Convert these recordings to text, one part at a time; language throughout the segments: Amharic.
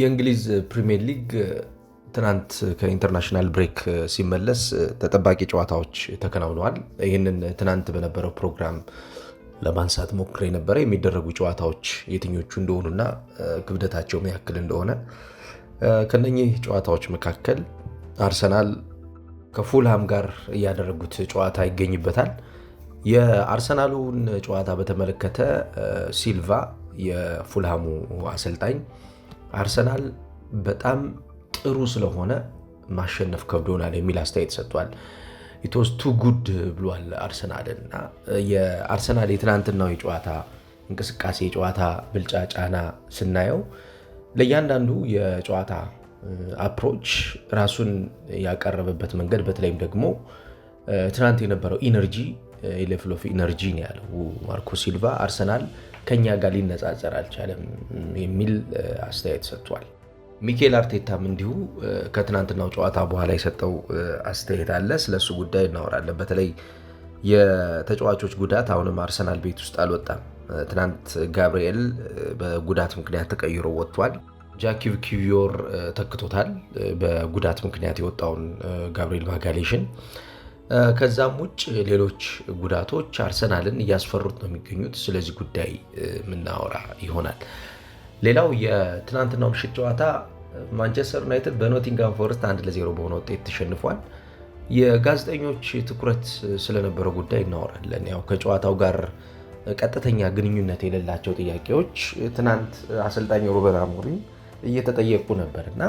የእንግሊዝ ፕሪሚየር ሊግ ትናንት ከኢንተርናሽናል ብሬክ ሲመለስ ተጠባቂ ጨዋታዎች ተከናውነዋል። ይህንን ትናንት በነበረው ፕሮግራም ለማንሳት ሞክሬ የነበረ የሚደረጉ ጨዋታዎች የትኞቹ እንደሆኑና ክብደታቸው ምን ያክል እንደሆነ ከነኚህ ጨዋታዎች መካከል አርሰናል ከፉልሃም ጋር እያደረጉት ጨዋታ ይገኝበታል። የአርሰናሉን ጨዋታ በተመለከተ ሲልቫ የፉልሃሙ አሰልጣኝ አርሰናል በጣም ጥሩ ስለሆነ ማሸነፍ ከብዶናል የሚል አስተያየት ሰጥቷል። ኢትስ ቱ ጉድ ብሏል አርሰናልን እና የአርሰናል የትናንትናው የጨዋታ እንቅስቃሴ የጨዋታ ብልጫ ጫና ስናየው ለእያንዳንዱ የጨዋታ አፕሮች ራሱን ያቀረበበት መንገድ በተለይም ደግሞ ትናንት የነበረው ኢነርጂ የሌቭል ኦፍ ኢነርጂ ነው ያለው ማርኮ ሲልቫ አርሰናል ከኛ ጋር ሊነጻጸር አልቻለም የሚል አስተያየት ሰጥቷል። ሚኬል አርቴታም እንዲሁ ከትናንትናው ጨዋታ በኋላ የሰጠው አስተያየት አለ። ስለሱ ጉዳይ እናወራለን። በተለይ የተጫዋቾች ጉዳት አሁንም አርሰናል ቤት ውስጥ አልወጣም። ትናንት ጋብርኤል በጉዳት ምክንያት ተቀይሮ ወጥቷል። ጃኪቭ ኪቪዮር ተክቶታል። በጉዳት ምክንያት የወጣውን ጋብርኤል ማጋሌሽን ከዛም ውጭ ሌሎች ጉዳቶች አርሰናልን እያስፈሩት ነው የሚገኙት። ስለዚህ ጉዳይ የምናወራ ይሆናል። ሌላው የትናንትናው ምሽት ጨዋታ ማንቸስተር ዩናይትድ በኖቲንጋም ፎረስት አንድ ለዜሮ በሆነ ውጤት ተሸንፏል። የጋዜጠኞች ትኩረት ስለነበረው ጉዳይ እናወራለን። ያው ከጨዋታው ጋር ቀጥተኛ ግንኙነት የሌላቸው ጥያቄዎች ትናንት አሰልጣኝ ሩበን አሞሪም እየተጠየቁ ነበር እና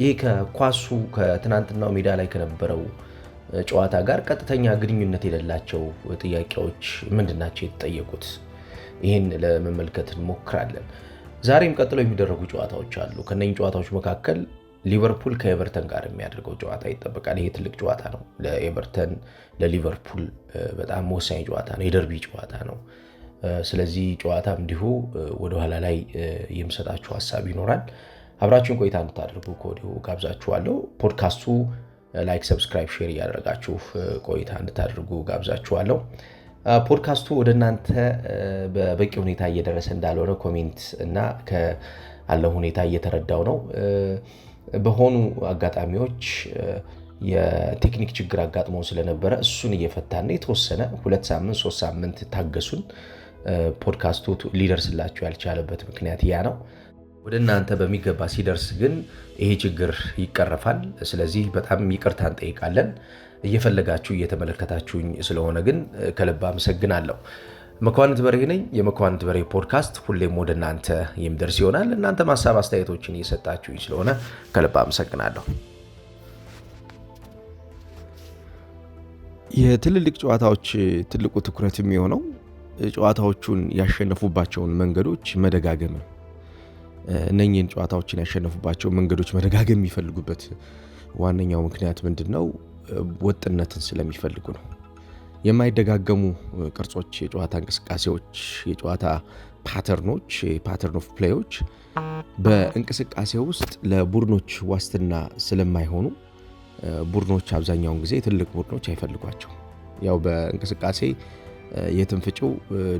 ይህ ከኳሱ ከትናንትናው ሜዳ ላይ ከነበረው ጨዋታ ጋር ቀጥተኛ ግንኙነት የሌላቸው ጥያቄዎች ምንድን ናቸው የተጠየቁት? ይህን ለመመልከት እንሞክራለን። ዛሬም ቀጥለው የሚደረጉ ጨዋታዎች አሉ። ከነኝ ጨዋታዎች መካከል ሊቨርፑል ከኤቨርተን ጋር የሚያደርገው ጨዋታ ይጠበቃል። ይሄ ትልቅ ጨዋታ ነው ለኤቨርተን፣ ለሊቨርፑል በጣም ወሳኝ ጨዋታ ነው። የደርቢ ጨዋታ ነው። ስለዚህ ጨዋታ እንዲሁ ወደኋላ ላይ የምሰጣችሁ ሀሳብ ይኖራል። አብራችሁን ቆይታ እንድታደርጉ ከወዲሁ ጋብዛችኋለሁ። ፖድካስቱ ላይክ፣ ሰብስክራይብ፣ ሼር እያደረጋችሁ ቆይታ እንድታደርጉ ጋብዛችኋለሁ። ፖድካስቱ ወደ እናንተ በበቂ ሁኔታ እየደረሰ እንዳልሆነ ኮሜንት እና ካለው ሁኔታ እየተረዳው ነው። በሆኑ አጋጣሚዎች የቴክኒክ ችግር አጋጥሞ ስለነበረ እሱን እየፈታን የተወሰነ ሁለት ሳምንት ሶስት ሳምንት ታገሱን። ፖድካስቱ ሊደርስላችሁ ያልቻለበት ምክንያት ያ ነው። ወደ እናንተ በሚገባ ሲደርስ ግን ይሄ ችግር ይቀረፋል። ስለዚህ በጣም ይቅርታ እንጠይቃለን። እየፈለጋችሁ እየተመለከታችሁኝ ስለሆነ ግን ከልብ አመሰግናለሁ። መኳንንት በሬ ነኝ። የመኳንንት በሬ ፖድካስት ሁሌም ወደ እናንተ የሚደርስ ይሆናል። እናንተ ማሳብ አስተያየቶችን እየሰጣችሁኝ ስለሆነ ከልብ አመሰግናለሁ። የትልልቅ ጨዋታዎች ትልቁ ትኩረት የሚሆነው ጨዋታዎቹን ያሸነፉባቸውን መንገዶች መደጋገም ነው። እነኚህን ጨዋታዎችን ያሸነፉባቸው መንገዶች መደጋገም የሚፈልጉበት ዋነኛው ምክንያት ምንድን ነው? ወጥነትን ስለሚፈልጉ ነው። የማይደጋገሙ ቅርጾች፣ የጨዋታ እንቅስቃሴዎች፣ የጨዋታ ፓተርኖች፣ ፓተርን ኦፍ ፕሌዎች በእንቅስቃሴ ውስጥ ለቡድኖች ዋስትና ስለማይሆኑ ቡድኖች አብዛኛውን ጊዜ ትልቅ ቡድኖች አይፈልጓቸው። ያው በእንቅስቃሴ የትንፍጭው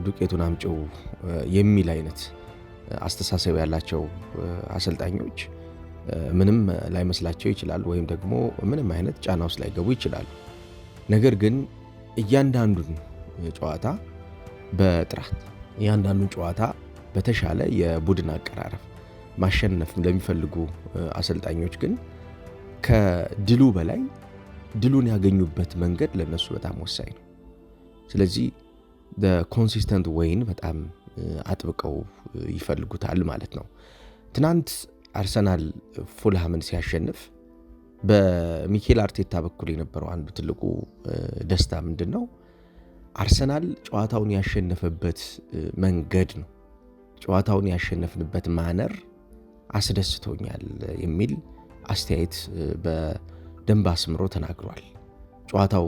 ዱቄቱን አምጪው የሚል አይነት አስተሳሰብ ያላቸው አሰልጣኞች ምንም ላይመስላቸው ይችላል፣ ወይም ደግሞ ምንም አይነት ጫና ውስጥ ላይገቡ ይችላሉ። ነገር ግን እያንዳንዱን ጨዋታ በጥራት እያንዳንዱን ጨዋታ በተሻለ የቡድን አቀራረብ ማሸነፍ ለሚፈልጉ አሰልጣኞች ግን ከድሉ በላይ ድሉን ያገኙበት መንገድ ለነሱ በጣም ወሳኝ ነው። ስለዚህ ኮንሲስተንት ወይን በጣም አጥብቀው ይፈልጉታል ማለት ነው። ትናንት አርሰናል ፉልሃምን ሲያሸንፍ በሚኬል አርቴታ በኩል የነበረው አንዱ ትልቁ ደስታ ምንድን ነው? አርሰናል ጨዋታውን ያሸነፈበት መንገድ ነው። ጨዋታውን ያሸነፍንበት ማነር አስደስቶኛል የሚል አስተያየት በደንብ አስምሮ ተናግሯል። ጨዋታው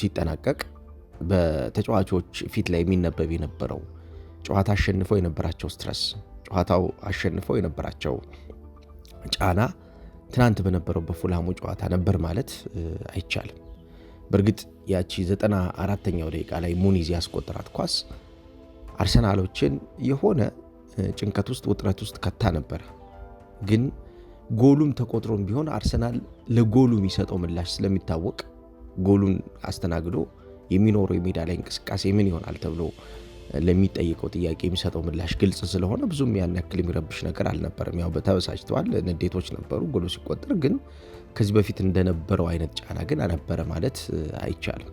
ሲጠናቀቅ በተጫዋቾች ፊት ላይ የሚነበብ የነበረው ጨዋታ አሸንፈው የነበራቸው ስትረስ፣ ጨዋታው አሸንፈው የነበራቸው ጫና ትናንት በነበረው በፉልሃሙ ጨዋታ ነበር ማለት አይቻልም። በእርግጥ ያቺ ዘጠና አራተኛው ደቂቃ ላይ ሙኒዝ ያስቆጠራት ኳስ አርሰናሎችን የሆነ ጭንቀት ውስጥ ውጥረት ውስጥ ከታ ነበረ። ግን ጎሉም ተቆጥሮም ቢሆን አርሰናል ለጎሉ የሚሰጠው ምላሽ ስለሚታወቅ ጎሉን አስተናግዶ የሚኖረው የሜዳ ላይ እንቅስቃሴ ምን ይሆናል ተብሎ ለሚጠይቀው ጥያቄ የሚሰጠው ምላሽ ግልጽ ስለሆነ ብዙም ያን ያክል የሚረብሽ ነገር አልነበረም። ያው ተበሳጭተዋል፣ ንዴቶች ነበሩ ጎሎ ሲቆጠር፣ ግን ከዚህ በፊት እንደነበረው አይነት ጫና ግን አነበረ ማለት አይቻልም።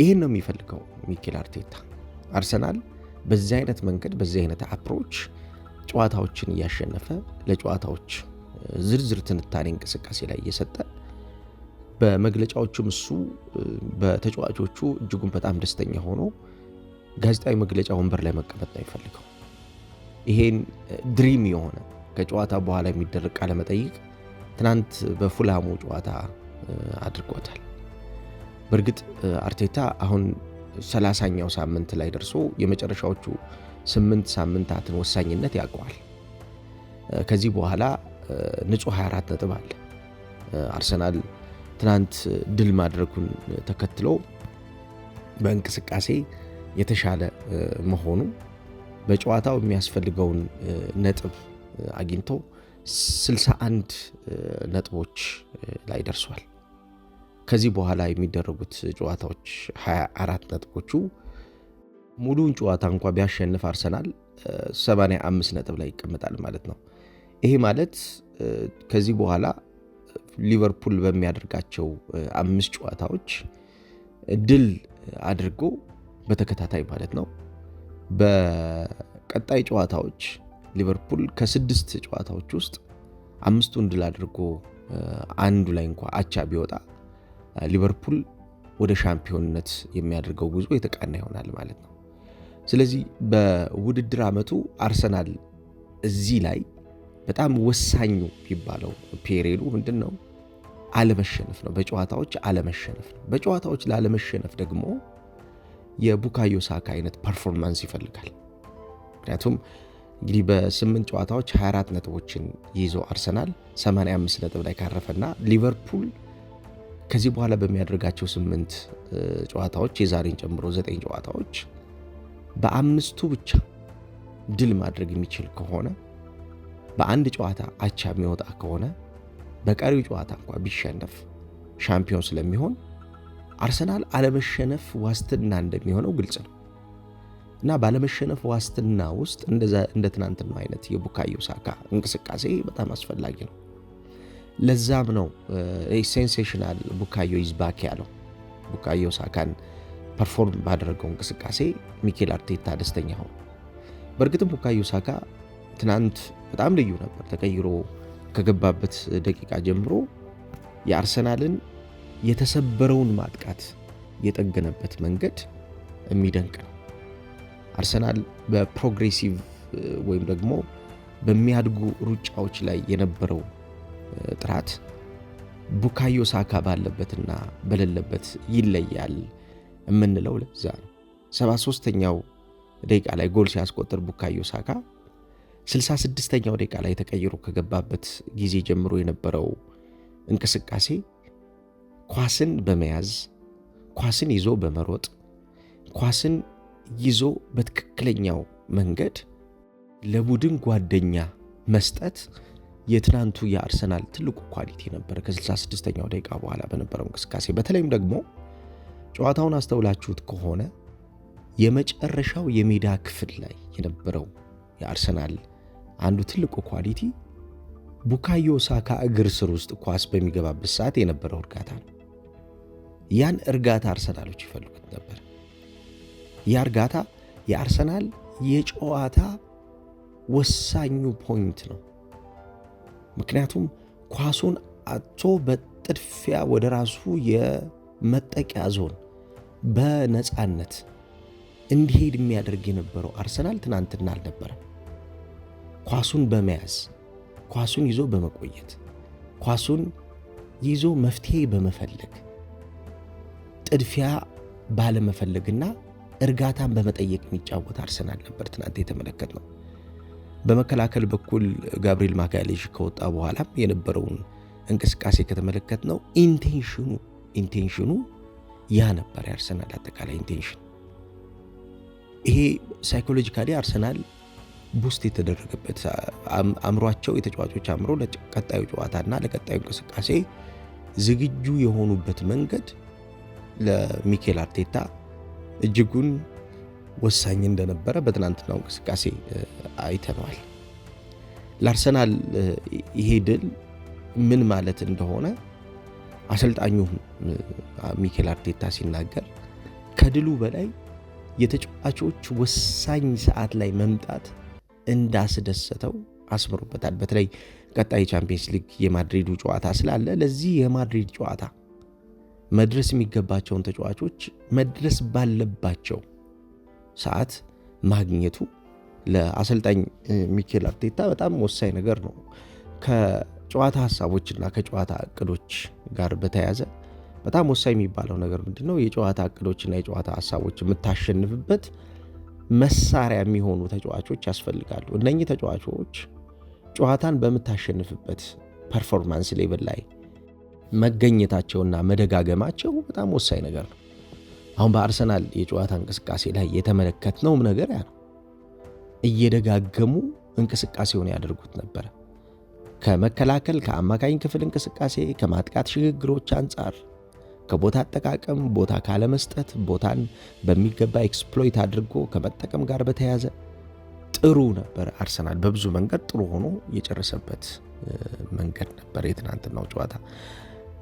ይህን ነው የሚፈልገው ሚኬል አርቴታ። አርሰናል በዚህ አይነት መንገድ በዚህ አይነት አፕሮች ጨዋታዎችን እያሸነፈ ለጨዋታዎች ዝርዝር ትንታኔ እንቅስቃሴ ላይ እየሰጠ በመግለጫዎቹም እሱ በተጫዋቾቹ እጅጉን በጣም ደስተኛ ሆኖ ጋዜጣዊ መግለጫ ወንበር ላይ መቀመጥ ነው የሚፈልገው። ይሄን ድሪም የሆነ ከጨዋታ በኋላ የሚደረግ ቃለመጠይቅ ትናንት በፉላሙ ጨዋታ አድርጎታል። በእርግጥ አርቴታ አሁን ሰላሳኛው ሳምንት ላይ ደርሶ የመጨረሻዎቹ ስምንት ሳምንታትን ወሳኝነት ያውቀዋል። ከዚህ በኋላ ንጹህ 24 ነጥብ አለ። አርሰናል ትናንት ድል ማድረጉን ተከትሎ በእንቅስቃሴ የተሻለ መሆኑ በጨዋታው የሚያስፈልገውን ነጥብ አግኝቶ 61 ነጥቦች ላይ ደርሷል። ከዚህ በኋላ የሚደረጉት ጨዋታዎች 24 ነጥቦቹ ሙሉውን ጨዋታ እንኳ ቢያሸንፍ አርሰናል 85 ነጥብ ላይ ይቀመጣል ማለት ነው። ይሄ ማለት ከዚህ በኋላ ሊቨርፑል በሚያደርጋቸው አምስት ጨዋታዎች ድል አድርጎ በተከታታይ ማለት ነው። በቀጣይ ጨዋታዎች ሊቨርፑል ከስድስት ጨዋታዎች ውስጥ አምስቱን ድል አድርጎ አንዱ ላይ እንኳ አቻ ቢወጣ ሊቨርፑል ወደ ሻምፒዮንነት የሚያደርገው ጉዞ የተቃና ይሆናል ማለት ነው። ስለዚህ በውድድር ዓመቱ አርሰናል እዚህ ላይ በጣም ወሳኙ የሚባለው ፔሬዱ ምንድን ነው? አለመሸነፍ ነው። በጨዋታዎች አለመሸነፍ ነው። በጨዋታዎች ላለመሸነፍ ደግሞ የቡካዮ ሳካ አይነት ፐርፎርማንስ ይፈልጋል። ምክንያቱም እንግዲህ በስምንት ጨዋታዎች 24 ነጥቦችን ይዞ አርሰናል 85 ነጥብ ላይ ካረፈና ሊቨርፑል ከዚህ በኋላ በሚያደርጋቸው ስምንት ጨዋታዎች የዛሬን ጨምሮ ዘጠኝ ጨዋታዎች በአምስቱ ብቻ ድል ማድረግ የሚችል ከሆነ በአንድ ጨዋታ አቻ የሚወጣ ከሆነ በቀሪው ጨዋታ እንኳ ቢሸነፍ ሻምፒዮን ስለሚሆን አርሰናል አለመሸነፍ ዋስትና እንደሚሆነው ግልጽ ነው እና ባለመሸነፍ ዋስትና ውስጥ እንደ ትናንትናው አይነት የቡካዮ ሳካ እንቅስቃሴ በጣም አስፈላጊ ነው። ለዛም ነው ሴንሴሽናል ቡካዮ ይዝባክ ያለው። ቡካዮ ሳካን ፐርፎርም ባደረገው እንቅስቃሴ ሚኬል አርቴታ ደስተኛ ሆነ። በእርግጥም ቡካዮ ሳካ ትናንት በጣም ልዩ ነበር። ተቀይሮ ከገባበት ደቂቃ ጀምሮ የአርሰናልን የተሰበረውን ማጥቃት የጠገነበት መንገድ የሚደንቅ ነው። አርሰናል በፕሮግሬሲቭ ወይም ደግሞ በሚያድጉ ሩጫዎች ላይ የነበረው ጥራት ቡካዮ ሳካ ባለበትና በሌለበት ይለያል የምንለው ለዛ ነው። ስተኛው ደቂቃ ላይ ጎል ሲያስቆጥር ቡካዮ ሳካ 66ኛው ደቂቃ ላይ ተቀይሮ ከገባበት ጊዜ ጀምሮ የነበረው እንቅስቃሴ ኳስን በመያዝ ኳስን ይዞ በመሮጥ ኳስን ይዞ በትክክለኛው መንገድ ለቡድን ጓደኛ መስጠት የትናንቱ የአርሰናል ትልቁ ኳሊቲ ነበር። ከ66ኛው ደቂቃ በኋላ በነበረው እንቅስቃሴ በተለይም ደግሞ ጨዋታውን አስተውላችሁት ከሆነ የመጨረሻው የሜዳ ክፍል ላይ የነበረው የአርሰናል አንዱ ትልቁ ኳሊቲ ቡካዮ ሳካ እግር ስር ውስጥ ኳስ በሚገባበት ሰዓት የነበረው እርጋታ ነው። ያን እርጋታ አርሰናሎች ይፈልጉት ነበር። ያ እርጋታ የአርሰናል የጨዋታ ወሳኙ ፖይንት ነው። ምክንያቱም ኳሱን አቶ በጥድፊያ ወደ ራሱ የመጠቂያ ዞን በነፃነት እንዲሄድ የሚያደርግ የነበረው አርሰናል ትናንትና አልነበረም። ኳሱን በመያዝ ኳሱን ይዞ በመቆየት ኳሱን ይዞ መፍትሄ በመፈለግ ጥድፊያ ባለመፈለግና እርጋታን በመጠየቅ የሚጫወት አርሰናል ነበር ትናንት ነው። በመከላከል በኩል ጋብሪኤል ማጋሌዥ ከወጣ በኋላም የነበረውን እንቅስቃሴ ነው ኢንቴንሽኑ ኢንቴንሽኑ ያ ነበር የአርሰናል አጠቃላይ ኢንቴንሽን። ይሄ ሳይኮሎጂካሊ አርሰናል ቡስት የተደረገበት አእምሯቸው የተጫዋቾች አእምሮ ለቀጣዩ ጨዋታና ለቀጣዩ እንቅስቃሴ ዝግጁ የሆኑበት መንገድ ለሚኬል አርቴታ እጅጉን ወሳኝ እንደነበረ በትናንትናው እንቅስቃሴ አይተነዋል። ለአርሰናል ይሄ ድል ምን ማለት እንደሆነ አሰልጣኙ ሚኬል አርቴታ ሲናገር ከድሉ በላይ የተጫዋቾች ወሳኝ ሰዓት ላይ መምጣት እንዳስደሰተው አስምሮበታል። በተለይ ቀጣይ ቻምፒንስ ሊግ የማድሪዱ ጨዋታ ስላለ ለዚህ የማድሪድ ጨዋታ መድረስ የሚገባቸውን ተጫዋቾች መድረስ ባለባቸው ሰዓት ማግኘቱ ለአሰልጣኝ ሚኬል አርቴታ በጣም ወሳኝ ነገር ነው። ከጨዋታ ሀሳቦችና ከጨዋታ እቅዶች ጋር በተያያዘ በጣም ወሳኝ የሚባለው ነገር ምንድን ነው? የጨዋታ እቅዶችና የጨዋታ ሀሳቦች የምታሸንፍበት መሳሪያ የሚሆኑ ተጫዋቾች ያስፈልጋሉ። እነኚህ ተጫዋቾች ጨዋታን በምታሸንፍበት ፐርፎርማንስ ሌቭል ላይ መገኘታቸውና መደጋገማቸው በጣም ወሳኝ ነገር ነው። አሁን በአርሰናል የጨዋታ እንቅስቃሴ ላይ የተመለከትነውም ነገር ያ ነው። እየደጋገሙ እንቅስቃሴውን ያደርጉት ነበረ። ከመከላከል ከአማካኝ ክፍል እንቅስቃሴ፣ ከማጥቃት ሽግግሮች አንጻር፣ ከቦታ አጠቃቀም፣ ቦታ ካለመስጠት፣ ቦታን በሚገባ ኤክስፕሎይት አድርጎ ከመጠቀም ጋር በተያያዘ ጥሩ ነበር። አርሰናል በብዙ መንገድ ጥሩ ሆኖ የጨረሰበት መንገድ ነበር የትናንትናው ጨዋታ።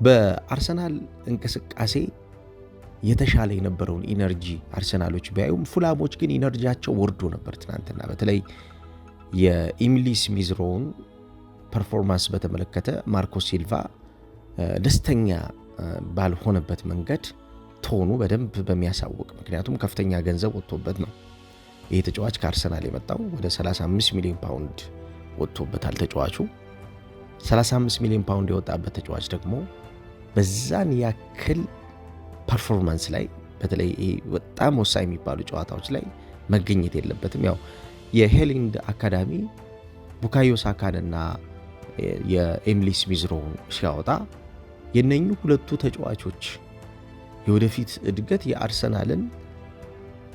በአርሰናል እንቅስቃሴ የተሻለ የነበረውን ኢነርጂ አርሰናሎች ቢያዩም ፉላሞች ግን ኢነርጂያቸው ወርዶ ነበር። ትናንትና በተለይ የኢሚሊ ሚዝሮውን ፐርፎርማንስ በተመለከተ ማርኮ ሲልቫ ደስተኛ ባልሆነበት መንገድ ቶኑ በደንብ በሚያሳውቅ ምክንያቱም ከፍተኛ ገንዘብ ወጥቶበት ነው ይህ ተጫዋች ከአርሰናል የመጣው ወደ 35 ሚሊዮን ፓውንድ ወጥቶበታል። ተጫዋቹ 35 ሚሊዮን ፓውንድ የወጣበት ተጫዋች ደግሞ በዛን ያክል ፐርፎርማንስ ላይ በተለይ ይሄ በጣም ወሳኝ የሚባሉ ጨዋታዎች ላይ መገኘት የለበትም። ያው የሄሊንድ አካዳሚ ቡካዮ ሳካንና የኤምሊስ ሚዝሮ ሲያወጣ የነኙ ሁለቱ ተጫዋቾች የወደፊት እድገት የአርሰናልን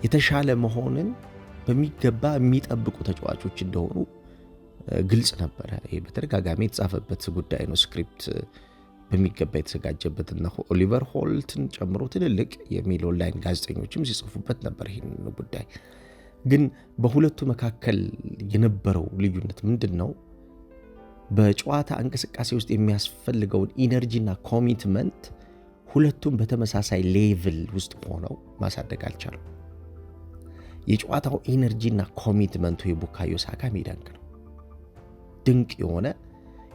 የተሻለ መሆንን በሚገባ የሚጠብቁ ተጫዋቾች እንደሆኑ ግልጽ ነበረ። ይሄ በተደጋጋሚ የተጻፈበት ጉዳይ ነው ስክሪፕት በሚገባ የተዘጋጀበትና ኦሊቨር ሆልትን ጨምሮ ትልልቅ የሚል ኦንላይን ጋዜጠኞችም ሲጽፉበት ነበር። ይህንን ጉዳይ ግን በሁለቱ መካከል የነበረው ልዩነት ምንድን ነው? በጨዋታ እንቅስቃሴ ውስጥ የሚያስፈልገውን ኢነርጂና ኮሚትመንት ሁለቱም በተመሳሳይ ሌቭል ውስጥ ሆነው ማሳደግ አልቻሉም። የጨዋታው ኢነርጂና ኮሚትመንቱ የቡካዮ ሳካ የሚደንቅ ነው። ድንቅ የሆነ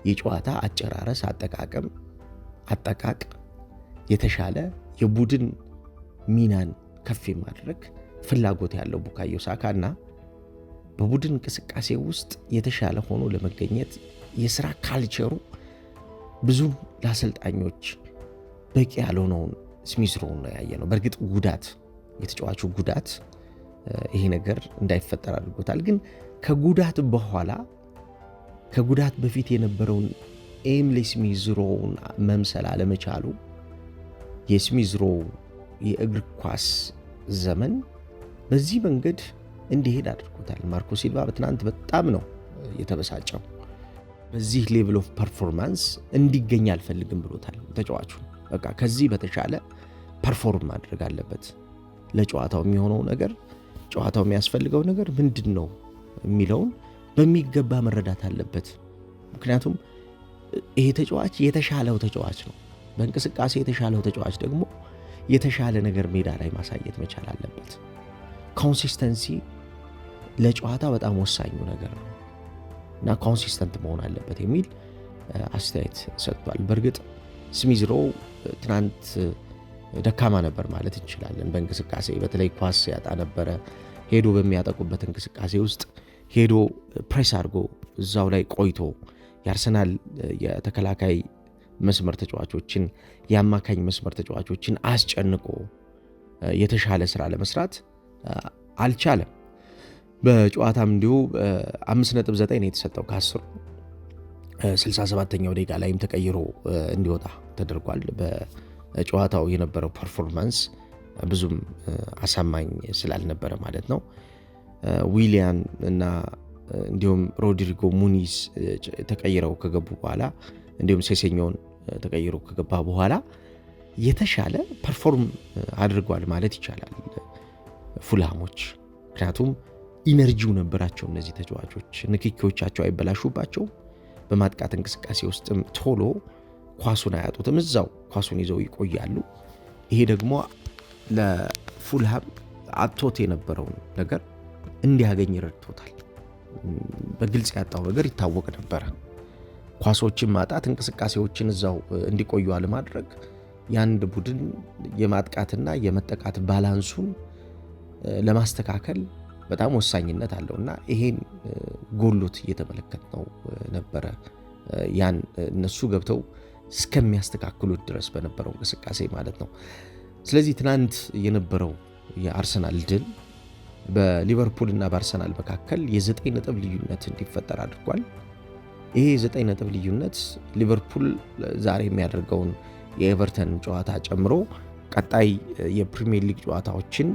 የጨዋታ አጨራረስ አጠቃቀም አጠቃቅ የተሻለ የቡድን ሚናን ከፍ የማድረግ ፍላጎት ያለው ቡካዮ ሳካ እና በቡድን እንቅስቃሴ ውስጥ የተሻለ ሆኖ ለመገኘት የስራ ካልቸሩ ብዙ ለአሰልጣኞች በቂ ያልሆነውን ስሚዝሮውን ነው ያየ ነው። በእርግጥ ጉዳት የተጫዋቹ ጉዳት ይሄ ነገር እንዳይፈጠር አድርጎታል። ግን ከጉዳት በኋላ ከጉዳት በፊት የነበረውን ኤምሌስ ሚዝሮውን መምሰል አለመቻሉ የስሚዝ የእግር ኳስ ዘመን በዚህ መንገድ እንዲሄድ አድርጎታል። ማርኮ ሲልቫ በትናንት በጣም ነው የተበሳጨው። በዚህ ሌቭል ኦፍ ፐርፎርማንስ እንዲገኝ አልፈልግም ብሎታል ተጫዋቹ። በቃ ከዚህ በተሻለ ፐርፎርም ማድረግ አለበት። ለጨዋታው የሚሆነው ነገር፣ ጨዋታው የሚያስፈልገው ነገር ምንድን ነው የሚለውን በሚገባ መረዳት አለበት። ምክንያቱም ይሄ ተጫዋች የተሻለው ተጫዋች ነው። በእንቅስቃሴ የተሻለው ተጫዋች ደግሞ የተሻለ ነገር ሜዳ ላይ ማሳየት መቻል አለበት። ኮንሲስተንሲ ለጨዋታ በጣም ወሳኙ ነገር ነው እና ኮንሲስተንት መሆን አለበት የሚል አስተያየት ሰጥቷል። በእርግጥ ስሚዝሮ ትናንት ደካማ ነበር ማለት እንችላለን። በእንቅስቃሴ በተለይ ኳስ ያጣ ነበረ። ሄዶ በሚያጠቁበት እንቅስቃሴ ውስጥ ሄዶ ፕሬስ አድርጎ እዛው ላይ ቆይቶ የአርሰናል የተከላካይ መስመር ተጫዋቾችን የአማካኝ መስመር ተጫዋቾችን አስጨንቆ የተሻለ ስራ ለመስራት አልቻለም። በጨዋታም እንዲሁ 5.9 ነው የተሰጠው ከአስሩ 67ኛው ደቂቃ ላይም ተቀይሮ እንዲወጣ ተደርጓል። በጨዋታው የነበረው ፐርፎርማንስ ብዙም አሳማኝ ስላልነበረ ማለት ነው ዊሊያን እና እንዲሁም ሮድሪጎ ሙኒዝ ተቀይረው ከገቡ በኋላ እንዲሁም ሴሴኞን ተቀይሮ ከገባ በኋላ የተሻለ ፐርፎርም አድርጓል ማለት ይቻላል ፉልሃሞች። ምክንያቱም ኢነርጂው ነበራቸው እነዚህ ተጫዋቾች፣ ንክኪዎቻቸው አይበላሹባቸውም። በማጥቃት እንቅስቃሴ ውስጥም ቶሎ ኳሱን አያጡትም፣ እዛው ኳሱን ይዘው ይቆያሉ። ይሄ ደግሞ ለፉልሃም አጥቶት የነበረውን ነገር እንዲያገኝ ረድቶታል። በግልጽ ያጣው ነገር ይታወቅ ነበረ። ኳሶችን ማጣት፣ እንቅስቃሴዎችን እዛው እንዲቆዩ አለማድረግ የአንድ ቡድን የማጥቃትና የመጠቃት ባላንሱን ለማስተካከል በጣም ወሳኝነት አለው እና ይሄን ጎሎት እየተመለከት ነው ነበረ ያን እነሱ ገብተው እስከሚያስተካክሉት ድረስ በነበረው እንቅስቃሴ ማለት ነው። ስለዚህ ትናንት የነበረው የአርሰናል ድል በሊቨርፑል እና በአርሰናል መካከል የዘጠኝ ነጥብ ልዩነት እንዲፈጠር አድርጓል። ይሄ የዘጠኝ ነጥብ ልዩነት ሊቨርፑል ዛሬ የሚያደርገውን የኤቨርተን ጨዋታ ጨምሮ ቀጣይ የፕሪሚየር ሊግ ጨዋታዎችን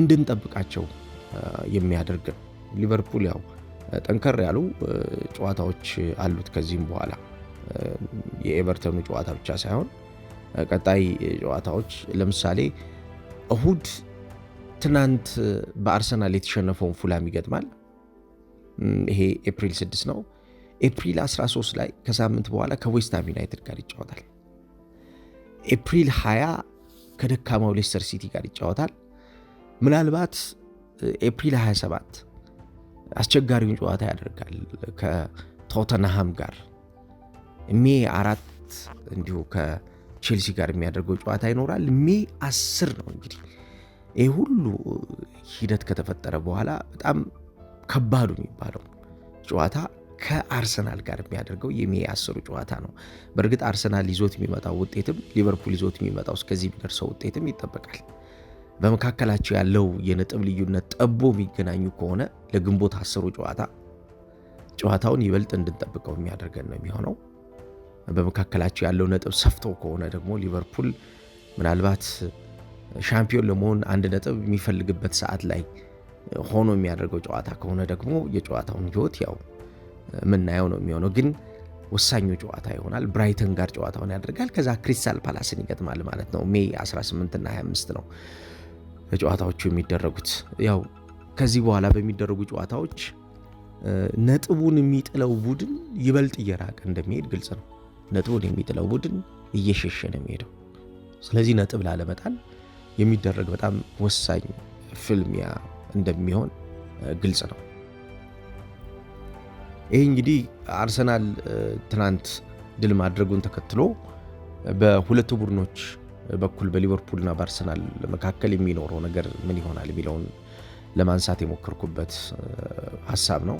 እንድንጠብቃቸው የሚያደርግ ነው። ሊቨርፑል ያው ጠንከር ያሉ ጨዋታዎች አሉት። ከዚህም በኋላ የኤቨርተኑ ጨዋታ ብቻ ሳይሆን ቀጣይ ጨዋታዎች ለምሳሌ እሁድ ትናንት በአርሰናል የተሸነፈውን ፉላም ይገጥማል። ይሄ ኤፕሪል 6 ነው። ኤፕሪል 13 ላይ ከሳምንት በኋላ ከዌስትሃም ዩናይትድ ጋር ይጫወታል። ኤፕሪል 20 ከደካማው ሌስተር ሲቲ ጋር ይጫወታል። ምናልባት ኤፕሪል 27 አስቸጋሪውን ጨዋታ ያደርጋል ከቶተንሃም ጋር። ሜ አራት እንዲሁ ከቼልሲ ጋር የሚያደርገው ጨዋታ ይኖራል። ሜ 10 ነው እንግዲህ ይህ ሁሉ ሂደት ከተፈጠረ በኋላ በጣም ከባዱ የሚባለው ጨዋታ ከአርሰናል ጋር የሚያደርገው የሚያስሩ ጨዋታ ነው። በእርግጥ አርሰናል ይዞት የሚመጣው ውጤትም ሊቨርፑል ይዞት የሚመጣው እስከዚህ የሚደርሰው ውጤትም ይጠበቃል። በመካከላቸው ያለው የነጥብ ልዩነት ጠቦ የሚገናኙ ከሆነ ለግንቦት አስሩ ጨዋታ ጨዋታውን ይበልጥ እንድንጠብቀው የሚያደርገን ነው የሚሆነው። በመካከላቸው ያለው ነጥብ ሰፍቶ ከሆነ ደግሞ ሊቨርፑል ምናልባት ሻምፒዮን ለመሆን አንድ ነጥብ የሚፈልግበት ሰዓት ላይ ሆኖ የሚያደርገው ጨዋታ ከሆነ ደግሞ የጨዋታውን ህይወት ያው የምናየው ነው የሚሆነው። ግን ወሳኙ ጨዋታ ይሆናል። ብራይተን ጋር ጨዋታውን ያደርጋል። ከዛ ክሪስታል ፓላስን ይገጥማል ማለት ነው። ሜይ 18ና 25 ነው ጨዋታዎቹ የሚደረጉት። ያው ከዚህ በኋላ በሚደረጉ ጨዋታዎች ነጥቡን የሚጥለው ቡድን ይበልጥ እየራቀ እንደሚሄድ ግልጽ ነው። ነጥቡን የሚጥለው ቡድን እየሸሸ ነው የሚሄደው። ስለዚህ ነጥብ ላለመጣል የሚደረግ በጣም ወሳኝ ፍልሚያ እንደሚሆን ግልጽ ነው። ይህ እንግዲህ አርሰናል ትናንት ድል ማድረጉን ተከትሎ በሁለቱ ቡድኖች በኩል በሊቨርፑልና በአርሰናል መካከል የሚኖረው ነገር ምን ይሆናል የሚለውን ለማንሳት የሞከርኩበት ሀሳብ ነው።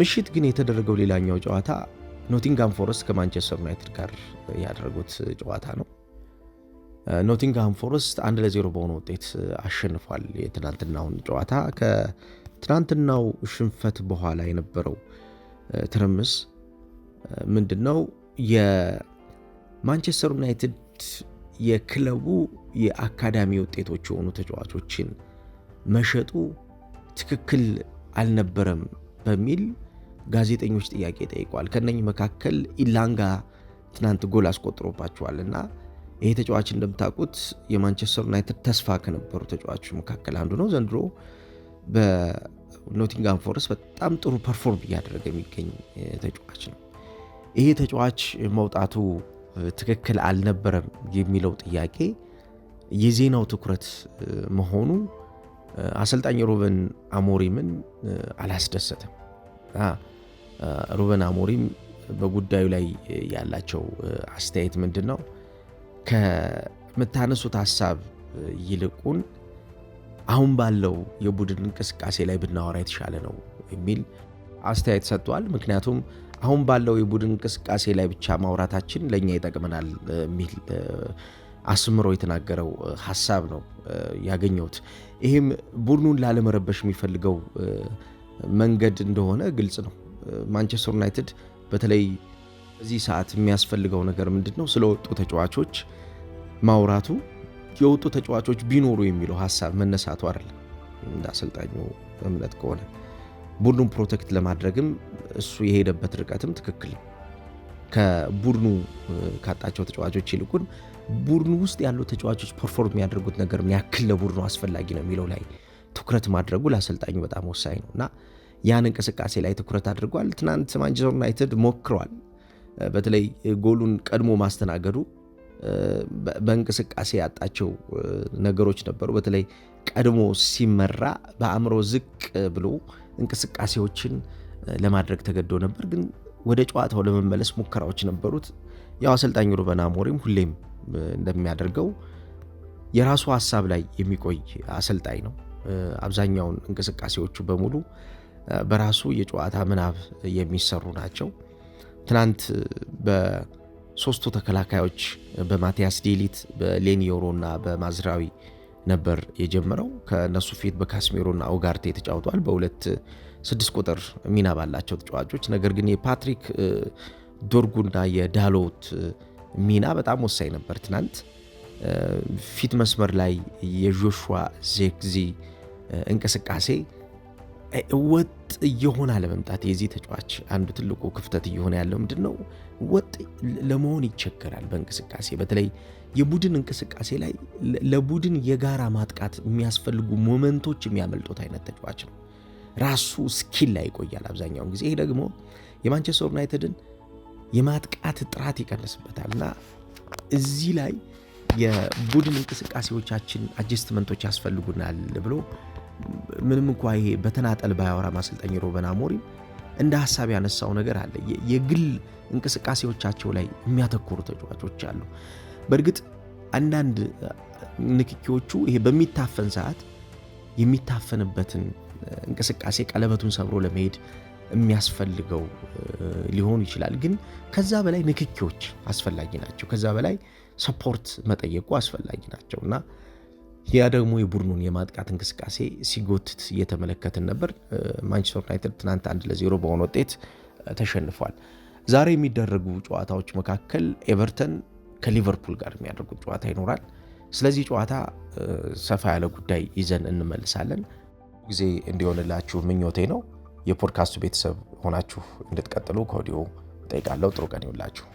ምሽት ግን የተደረገው ሌላኛው ጨዋታ ኖቲንጋም ፎረስት ከማንቸስተር ዩናይትድ ጋር ያደረጉት ጨዋታ ነው። ኖቲንግሃም ፎረስት አንድ ለዜሮ በሆነ ውጤት አሸንፏል። የትናንትናውን ጨዋታ ከትናንትናው ሽንፈት በኋላ የነበረው ትርምስ ምንድን ነው? የማንቸስተር ዩናይትድ የክለቡ የአካዳሚ ውጤቶች የሆኑ ተጫዋቾችን መሸጡ ትክክል አልነበረም በሚል ጋዜጠኞች ጥያቄ ጠይቋል። ከነኝህ መካከል ኢላንጋ ትናንት ጎል አስቆጥሮባቸዋል እና ይሄ ተጫዋች እንደምታውቁት የማንቸስተር ዩናይትድ ተስፋ ከነበሩ ተጫዋቾች መካከል አንዱ ነው። ዘንድሮ በኖቲንጋም ፎረስት በጣም ጥሩ ፐርፎርም እያደረገ የሚገኝ ተጫዋች ነው። ይሄ ተጫዋች መውጣቱ ትክክል አልነበረም የሚለው ጥያቄ የዜናው ትኩረት መሆኑ አሰልጣኝ ሩበን አሞሪምን አላስደሰትም? ሩበን አሞሪም በጉዳዩ ላይ ያላቸው አስተያየት ምንድን ነው? ከምታነሱት ሀሳብ ይልቁን አሁን ባለው የቡድን እንቅስቃሴ ላይ ብናወራ የተሻለ ነው የሚል አስተያየት ሰጥቷል። ምክንያቱም አሁን ባለው የቡድን እንቅስቃሴ ላይ ብቻ ማውራታችን ለእኛ ይጠቅመናል የሚል አስምሮ የተናገረው ሀሳብ ነው ያገኘሁት። ይህም ቡድኑን ላለመረበሽ የሚፈልገው መንገድ እንደሆነ ግልጽ ነው። ማንቸስተር ዩናይትድ በተለይ በዚህ ሰዓት የሚያስፈልገው ነገር ምንድን ነው? ስለወጡ ተጫዋቾች ማውራቱ የወጡ ተጫዋቾች ቢኖሩ የሚለው ሀሳብ መነሳቱ አይደለም። እንደ አሰልጣኙ እምነት ከሆነ ቡድኑን ፕሮቴክት ለማድረግም እሱ የሄደበት ርቀትም ትክክል ነው። ከቡድኑ ካጣቸው ተጫዋቾች ይልቁን ቡድኑ ውስጥ ያሉ ተጫዋቾች ፐርፎርም የሚያደርጉት ነገር ምን ያክል ለቡድኑ አስፈላጊ ነው የሚለው ላይ ትኩረት ማድረጉ ለአሰልጣኙ በጣም ወሳኝ ነው እና ያን እንቅስቃሴ ላይ ትኩረት አድርጓል። ትናንት ማንቸስተር ዩናይትድ ሞክረዋል በተለይ ጎሉን ቀድሞ ማስተናገዱ በእንቅስቃሴ ያጣቸው ነገሮች ነበሩ። በተለይ ቀድሞ ሲመራ በአእምሮ ዝቅ ብሎ እንቅስቃሴዎችን ለማድረግ ተገዶ ነበር፣ ግን ወደ ጨዋታው ለመመለስ ሙከራዎች ነበሩት። ያው አሰልጣኝ ሩበን አሞሪም ሁሌም እንደሚያደርገው የራሱ ሀሳብ ላይ የሚቆይ አሰልጣኝ ነው። አብዛኛውን እንቅስቃሴዎቹ በሙሉ በራሱ የጨዋታ ምናብ የሚሰሩ ናቸው። ትናንት በሶስቱ ተከላካዮች በማቲያስ ዴሊት በሌኒዮሮ እና በማዝራዊ ነበር የጀመረው። ከነሱ ፊት በካስሜሮ እና ኦጋርቴ ተጫውተዋል በሁለት ስድስት ቁጥር ሚና ባላቸው ተጫዋቾች። ነገር ግን የፓትሪክ ዶርጉና የዳሎት ሚና በጣም ወሳኝ ነበር። ትናንት ፊት መስመር ላይ የጆሹዋ ዜክዚ እንቅስቃሴ ወጥ እየሆነ አለመምጣት የዚህ ተጫዋች አንዱ ትልቁ ክፍተት እየሆነ ያለው ምንድን ነው? ወጥ ለመሆን ይቸገራል። በእንቅስቃሴ በተለይ የቡድን እንቅስቃሴ ላይ ለቡድን የጋራ ማጥቃት የሚያስፈልጉ ሞመንቶች የሚያመልጡት አይነት ተጫዋች ነው። ራሱ ስኪል ላይ ይቆያል አብዛኛውን ጊዜ። ይሄ ደግሞ የማንቸስተር ዩናይትድን የማጥቃት ጥራት ይቀንስበታል እና እዚህ ላይ የቡድን እንቅስቃሴዎቻችን አጀስትመንቶች ያስፈልጉናል ብሎ ምንም እንኳ ይሄ በተናጠል ባያወራ ማሰልጠኝ ሩበን አሞሪም እንደ ሀሳብ ያነሳው ነገር አለ። የግል እንቅስቃሴዎቻቸው ላይ የሚያተኩሩ ተጫዋቾች አሉ። በእርግጥ አንዳንድ ንክኪዎቹ ይሄ በሚታፈን ሰዓት የሚታፈንበትን እንቅስቃሴ ቀለበቱን ሰብሮ ለመሄድ የሚያስፈልገው ሊሆኑ ይችላል። ግን ከዛ በላይ ንክኪዎች አስፈላጊ ናቸው። ከዛ በላይ ሰፖርት መጠየቁ አስፈላጊ ናቸው እና ያ ደግሞ የቡድኑን የማጥቃት እንቅስቃሴ ሲጎትት እየተመለከትን ነበር። ማንቸስተር ዩናይትድ ትናንት አንድ ለዜሮ በሆነ ውጤት ተሸንፏል። ዛሬ የሚደረጉ ጨዋታዎች መካከል ኤቨርተን ከሊቨርፑል ጋር የሚያደርጉት ጨዋታ ይኖራል። ስለዚህ ጨዋታ ሰፋ ያለ ጉዳይ ይዘን እንመልሳለን። ጊዜ እንዲሆንላችሁ ምኞቴ ነው። የፖድካስቱ ቤተሰብ ሆናችሁ እንድትቀጥሉ ከወዲሁ እጠይቃለሁ። ጥሩ ቀን ይውላችሁ።